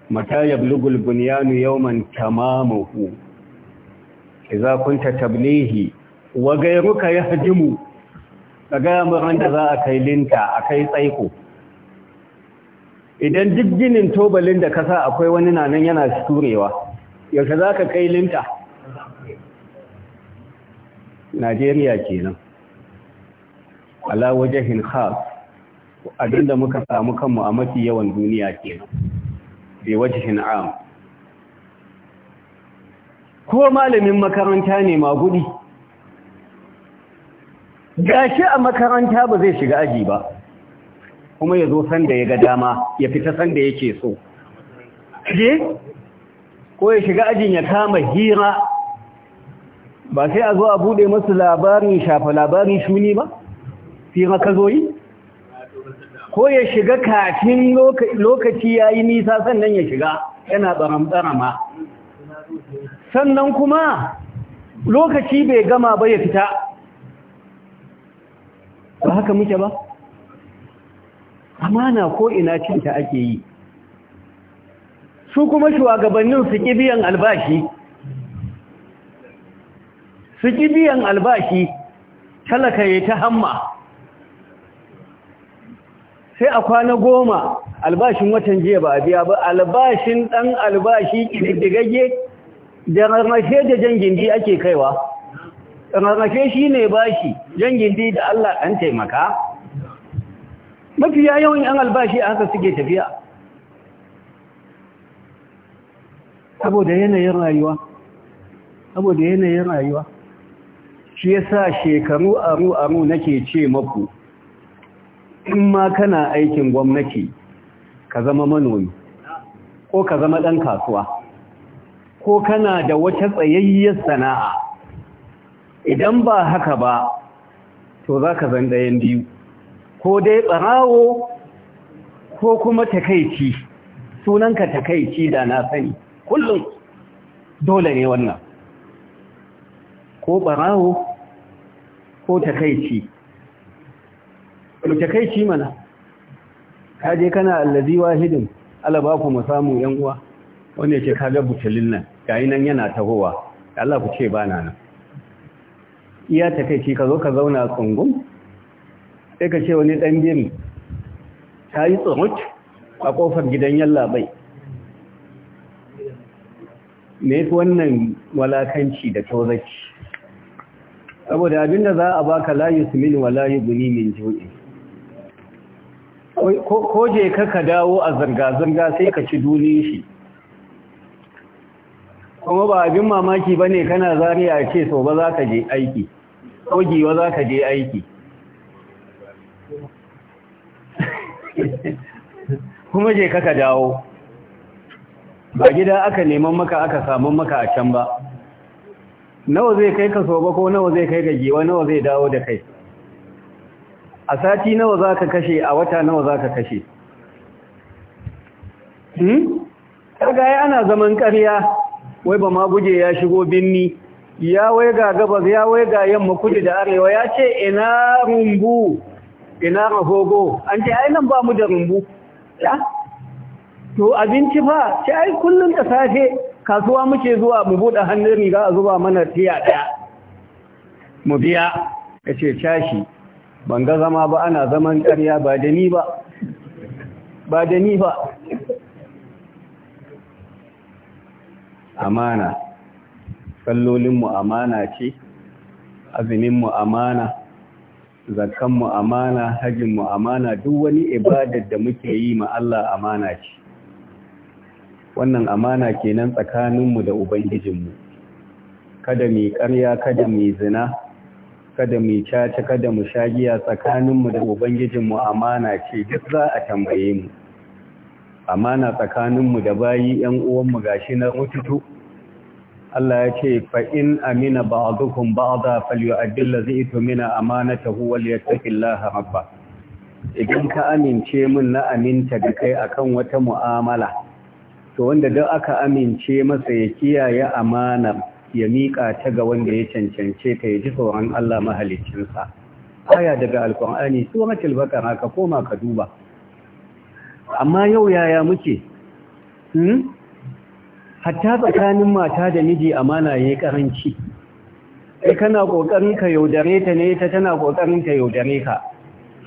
mata yablugul bunyanu yawman tamamuhu idza kunta tablihi wa ghayruka yahdimu kaga mun da za a kai linta a kai tsaiko idan duk ginin tobalin da kasa akwai wani nanan yana turewa yaushe za ka kai linta najeriya kenan ala wajahin khas abinda muka samu kanmu a mafi yawan duniya kenan bai wajahin am ko malamin makaranta ne magudi gashi a makaranta ba zai shiga aji ba kuma ya zo sanda ya ga dama ya fita sanda yake so je ko ya shiga ajin ya kama hira ba sai a zo a bude masa labarin shafa labarin shuni ba hira ka zo yi ko ya shiga kafin lokaci ya yi nisa sannan ya shiga yana tsaram-tsarama sannan kuma lokaci bai gama ba ya fita ba haka muke ba amana ko ina cinta ake yi su kuma shugabannin su kibiyan biyan albashi su kibiyan albashi talaka ya ta hamma sai a kwana goma albashin watan jiya ba a biya ba albashin ɗan albashi ƙididdigagge da rarrashe da jan ake kaiwa rarrafe shi ne bashi jan da Allah an taimaka mafiya yawan yan albashi a haka suke tafiya saboda yanayin rayuwa saboda yanayin rayuwa shi sa shekaru aru aru nake ce maku in ma kana aikin gwamnati ka zama manomi ko ka zama ɗan kasuwa ko kana da wata tsayayyar sana'a idan ba haka ba to za ka zan ɗayan biyu ko dai ɓarawo ko kuma takaici sunanka takaici da na sani kullum dole ne wannan ko ɓarawo ko takaici takaici mana kaje kana allazi wahidin ala ba ku mu samu yan uwa wanda yake kaga butulin nan gayi nan yana tahowa Allah ku ce ba na nan iya takaici ka zo ka zauna tsungum sai ka ce wani ɗan biri ta yi tsurut a ƙofar gidan yallaɓai me wannan walakanci da tauzaci saboda abinda za a baka layu mini wa layu guni min juɗi ko je ka ka dawo a zirga-zirga sai ka ci duni shi kuma ba abin mamaki ba ne kana zariya ce so ba za ka je aiki ko giwa za ka je aiki kuma je kaka dawo ba gida aka neman maka aka samun maka a can ba nawa zai kai ka soba ko nawa zai kai gajewa nawa zai dawo da kai a sati nawa za ka kashe a wata nawa za ka kashe ƙarga hmm? ya ana zaman ƙarya wai ba ma guje ya shigo binni ya ga gabas ya ga yamma kudu da arewa ya ce ina rumbu ina rahogo an ce ai nan ba mu da rumbu ya to abinci fa sai ai kullun da safe kasuwa muke zuwa mu buɗe hannun riga a zuba mana tiya ɗaya mu biya ya ce tashi ban ga zama ba ana zaman ƙarya ba da ni ba ba da ni ba amana sallolinmu amana ce azuminmu amana zakan mu amana hajjin mu amana duk wani ibadar da muke yi ma Allah amana ce wannan amana kenan tsakaninmu da ubangijinmu kada mu ƙarya kada mu zina kada mu caca kada mu shagiya tsakaninmu da ubangijinmu amana ce duk za a tambaye mu amana tsakaninmu da bayi ‘yan uwanmu gashi na rututu Allah ya ce fa'in amina ba a zukun ba a za falyo adilla zai ito mina amana ta huwal ya tafi rabba. Idan ka amince min na aminta da kai akan wata mu'amala, to wanda don aka amince masa ya kiyaye amanar ya miƙa ta ga wanda ya cancance ta ya ji sauran Allah mahalicinsa. Aya daga Alƙur'ani, Suratul Bakara ka koma ka duba. Amma yau yaya muke? Hmm? hatta tsakanin mata da miji amana yi karanci kai kana kokarin ka yaudare ta ne ta tana kokarin ta yaudare ka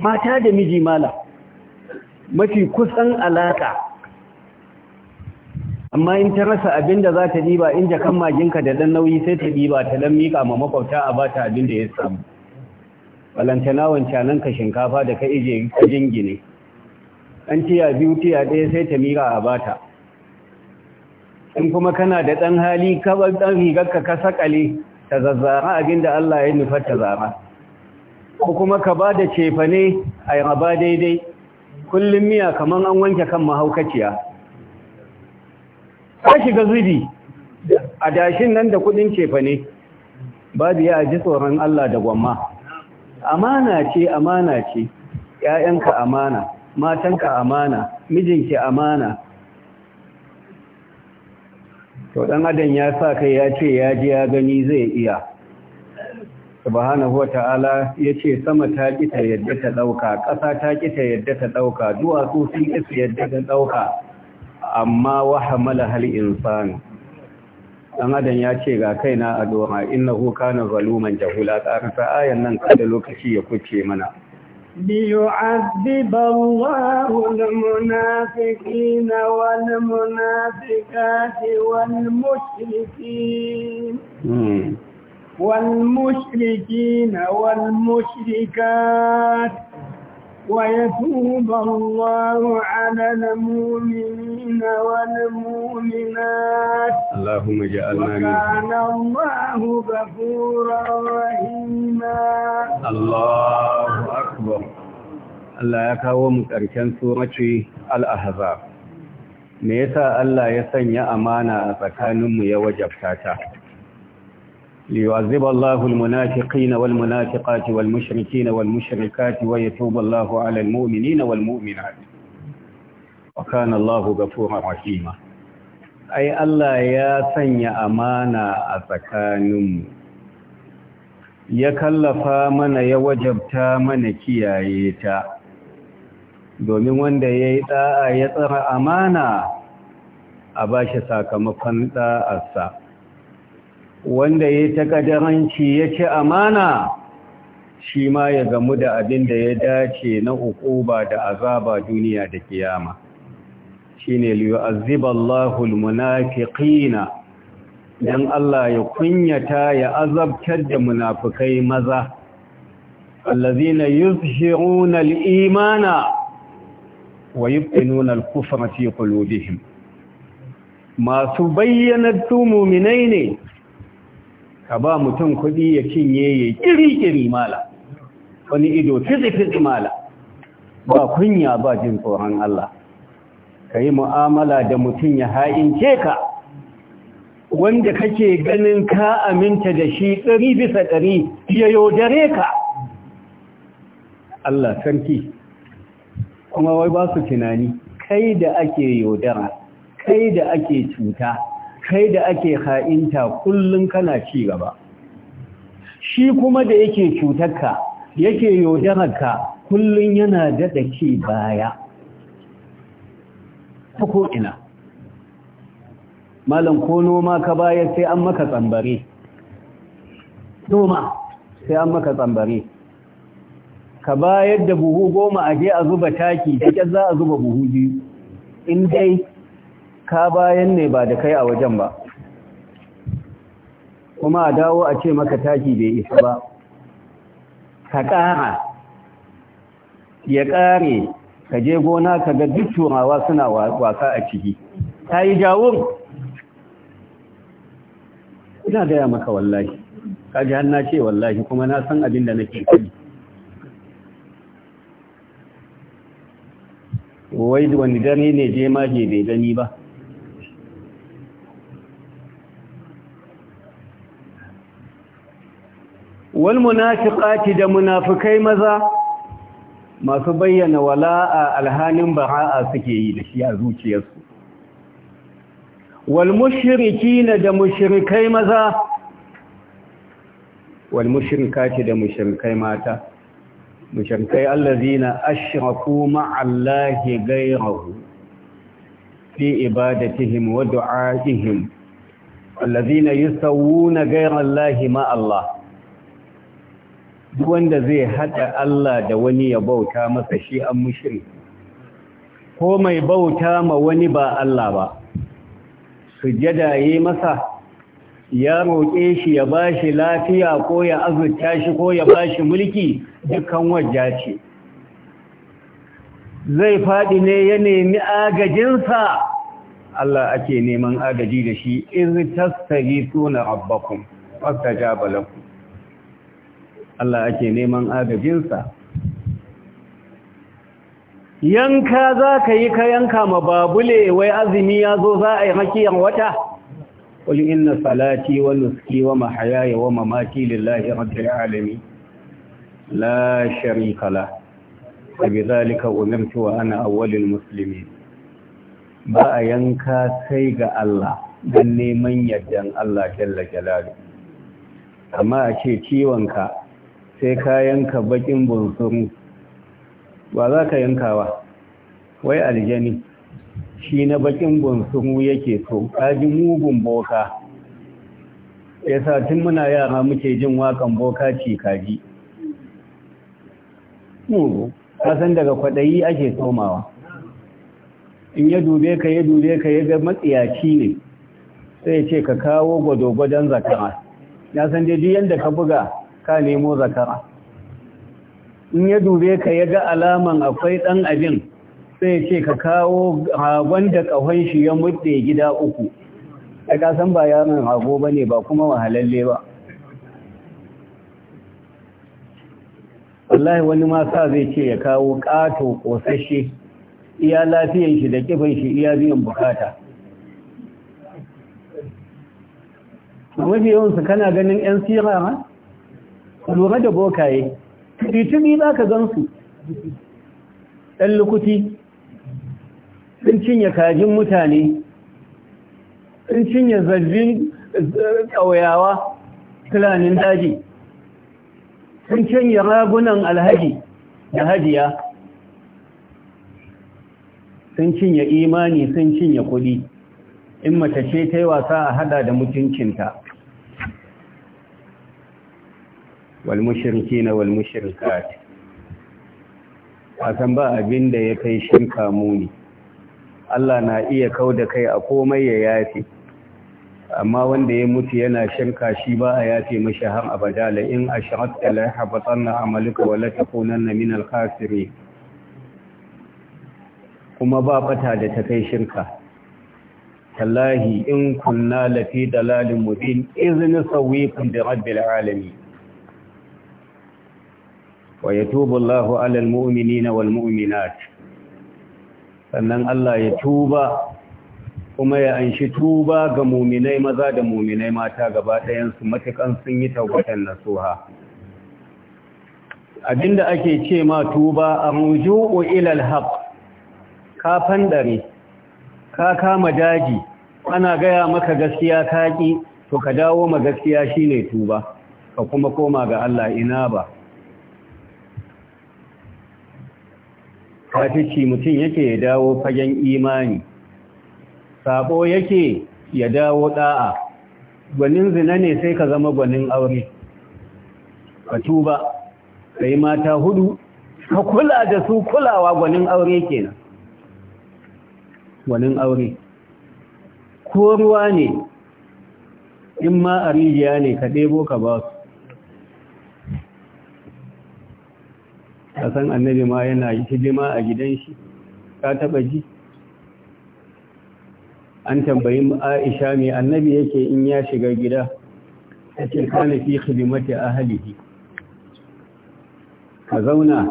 mata da miji mala mafi kusan alaka amma in ta rasa abin da za ta diba in jakan maginka da dan nauyi sai ta diba ta dan mika ma makwabta a bata abin da ya samu balantana wancanan ka shinkafa da ka ije ka jingine an tiya biyu tiya ɗaya sai ta mika a bata in kuma kana da ɗan hali ka ɗan rigarka ka sakale ta zazzara abinda Allah ya nufa ta zara ko kuma ka ba da cefane a raba daidai kullum miya kamar an wanke kan mahaukaciya ka shiga zubi a dashin nan da kudin cefane babu ya ji tsoron Allah da gwamma amana ce amana ce ‘ya'yanka amana matanka amana mijinki amana to dan adam ya sa kai ya ce ya ji ya gani zai iya subhanahu wata'ala yace sama ta kita yadda ta dauka ƙasa ta kita yadda ta dauka duwatsu sun kita yadda ta dauka amma wa hamala hal insan dan adam ya ce ga kaina a doma innahu kana zaluman jahula tsarsa ayan nan kada lokaci ya kuce mana ليعذب الله المنافقين والمنافقات والمشركين والمشركين والمشركات ويتوب الله على المؤمنين والمؤمنات اللهم اجعلنا وكان الله غفورا رحيما الله اكبر Allah ya kawo mu ƙarshen surace al me yasa Allah ya sanya amana a tsakaninmu ya wajabta ta ليعذب الله المنافقين والمنافقات والمشركين والمشركات ويتوب الله على المؤمنين والمؤمنات وكان الله غفورا رحيما أي الله يا سني أمانة أتكانم يكلف من يوجبت من كيايتا domin wanda ya yi ɗa'a ya tsara amana a ba shi sakamakon ɗa'arsa wanda ya ƙadaranci ya ci amana shi ma ya gamu da abin da ya dace na ba da azaba duniya da kiyama Shi shine liyu'azziballahu munafiqina dan Allah ya kunyata ya azabtar da munafukai maza allazina yuzhiruna al-imana wa yubtinuna al-kufra fi qulubihim masu bayyana muminai ne ka ba mutum kuɗi ya cinye ya ƙiri-ƙiri mala wani ido fizi-fizi mala ba kunya ba jin tsoron Allah ka yi mu'amala da mutum ya ha'ince ka wanda kake ganin ka aminta da shi ɗari bisa ɗari ya yaudare ka Allah sarki kuma wai ba su tunani kai da ake yaudara kai da ake cuta kai da ake ha'inta kullum kana ci gaba shi kuma da yake cutarka yake yaudararka kullum yana daɗa ci baya ta ko'ina malam ko noma ka baya sai an maka tsambare noma sai an maka tsambare ka bayar da buhu goma a je a zuba taki da ƙyar za a zuba buhu biyu in dai ka bayan ne ba da kai a wajen ba kuma a dawo a ce maka taki bai isa ba ka ƙara ya ƙare ka je gona ka ga duk turawa suna wasa a ciki ta yi jawo. ina gaya maka wallahi kaji har na ce wallahi kuma na san abin da nake kai wai wani dare ne je maje bai gani ba wal munafiqati da munafikai maza masu bayyana wala'a alhalin bara'a suke yi da shi a zuciyarsu wal mushrikina da mushrikai maza wal mushrikati da mushrikai mata mushrikai allazina ashraku ma'allahi ghayrahu fi ibadatihim wa du'a'ihim allazina yusawwuna ghayra allahi ma Allah duk wanda zai haɗa Allah da wani ya bauta masa shi an mushiri ko mai bauta ma wani ba Allah ba sujjada yi masa ya roƙe shi ya bashi lafiya ko ya azurta shi ko ya bashi mulki dukkan wajja ce zai faɗi ne ya nemi agajinsa Allah ake neman agaji da shi in tasari suna rabbakun fasta Allah ake neman agajinsa yanka za ka yi ka yanka ma babule wai azumi ya zo za a yi hakiyan wata ƙuli inna salati wa nuski wa mahayaya wa mamaki lillahi rabbil alamin la sharika la wa bi zalika umirtu wa ana awwalul muslimin ba a yanka sai ga Allah don neman yardan Allah jalla jalaluhu amma a ce ciwonka sai ka yanka bakin burkuru ba za ka yanka ba wai aljani shi na bakin burkuru yake so kaji mugun boka sa tun muna yara muke jin wakan boka ce kaji mugu kasan daga kwaɗayi ake somawa in ya dube ka ya dube ka ya ga matsiyaci ne sai ce ka kawo gwado-gwadon zakara ya san daji yadda ka buga ka nemo zakara in ya dube ka ya ga alaman akwai ɗan abin sai ce ka kawo hagon da ƙahon shi ya mutse gida uku a kasan ba yaron rago ba ne ba kuma wahalalle ba wallahi wani ma sa zai ce ya kawo ƙato ƙosashe iya lafiyan shi da ƙifin shi iya biyan bukata mafi yawansu kana ganin 'yan sirara lura da bokaye titimi za ka gansu ɗan lukuti sun cinye kajin mutane sun cinye zazzin ƙauyawa tulanin daji sun cinye ragunan alhaji da hajiya sun cinye imani sun cinye kuɗi in mace ce ta yi wasa a hada da mutuncinta والمشركين والمشركات asan ba abin da ya kai shirka muni Allah na iya kau da kai a komai ya yafe amma wanda ya mutu yana shirka shi ba a yafe mashi har abada la in ashrakta la habatanna amaluka wa la takunanna min al kuma ba fata da ta kai shirka tallahi in kunna lafi dalalin mubin izini sauwikun da rabbil alami ويتوب الله على المؤمنين والمؤمنات sannan Allah ya tuba kuma ya anshi tuba ga muminai maza da muminai mata gaba ɗayansu matukan sun yi taubatan nasuha abinda ake ce ma tuba a ruju'u ilal haq ka fandare ka kama daji ana gaya maka gaskiya kaki to ka dawo ma gaskiya shine tuba ka kuma koma ga Allah ina ba kafici mutum yake ya dawo fagen imani sabo yake ya dawo da'a gwanin zina ne sai ka zama gwanin aure ka tuba sai mata hudu ka kula da su kulawa gwanin aure kenan gwanin aure ko ruwa ne in ma a rijiya ne ka ɗebo ka ba su ka san annabi ma yana hidima a gidan shi ka taba ji an tambayi Aisha mai annabi yake in ya shiga gida yake kana fi khidmati ahlihi ka zauna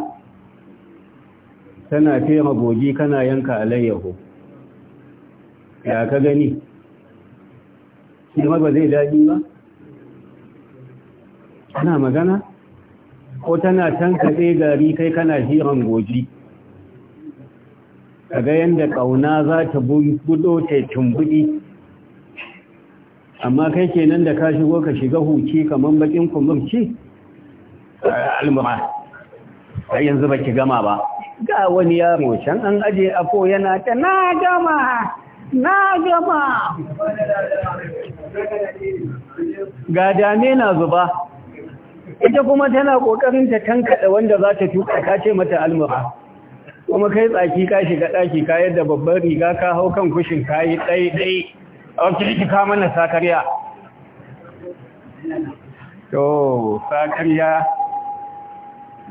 tana fera goji kana yanka alayyahu ya ka gani shi ba zai daɗi ba ana magana ko tana tankaɗe gari kai kana hiran goji kaga yadda ƙauna za ta budo ta tumbuɗi amma kai kenan da ka shigo ka shiga huci kamar bakin kumurci almura a yanzu ba ki gama ba ga wani yaro can an aje afo yana ta na gama na gama ga dame na zuba ita kuma tana kokarin ta tankada wanda za ta tuka ta ce mata almura kuma kai tsaki ka shiga daki ka yadda babban riga ka hau kan kushin kayi dai dai a wacce ki ka mana sakarya to sakarya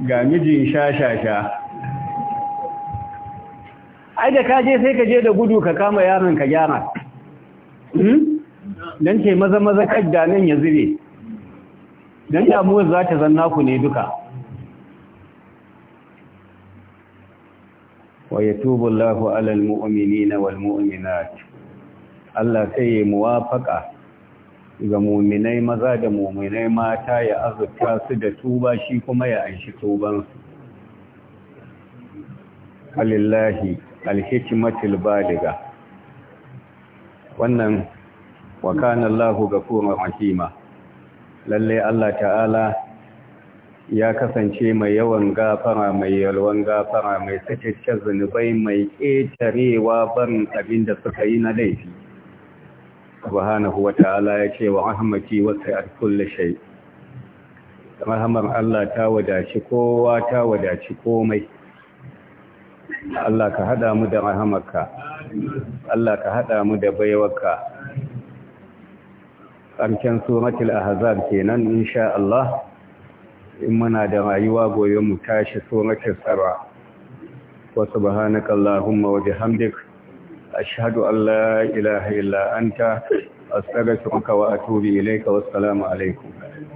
ga mijin shashasha ai da ka je sai ka je da gudu ka kama yaron ka gyara hmm? dan ce maza maza kadda nan ya zube don damuwar za ta zanna ku ne duka wa ya tubu Allah alal mu'amini na Allah sai ya muwafaka ga muminai maza da muminai mata ya azurta su da tuba shi kuma ya anshi tuban su. alillahi alhikimatul baliga wannan wa kana Allahu ghafurur rahima lalle Allah ta'ala ya kasance mai yawan gafara mai yalwan gafara mai sakacce zunubai mai ƙetarewa barin abin da suka yi na laifi subhanahu wa ta'ala ya ce wa rahmati wasi'at kulli shay rahmar Allah ta wadaci kowa ta wadaci komai Allah ka haɗa mu da rahamarka Allah ka hada mu da baiwarka ƙarshen suratul ahzab kenan insha Allah in muna da rayuwa gobe mu tashi suratul sara wa subhanaka allahumma wa bihamdik ashhadu an la ilaha illa anta astaghfiruka wa atubu ilayka wassalamu alaikum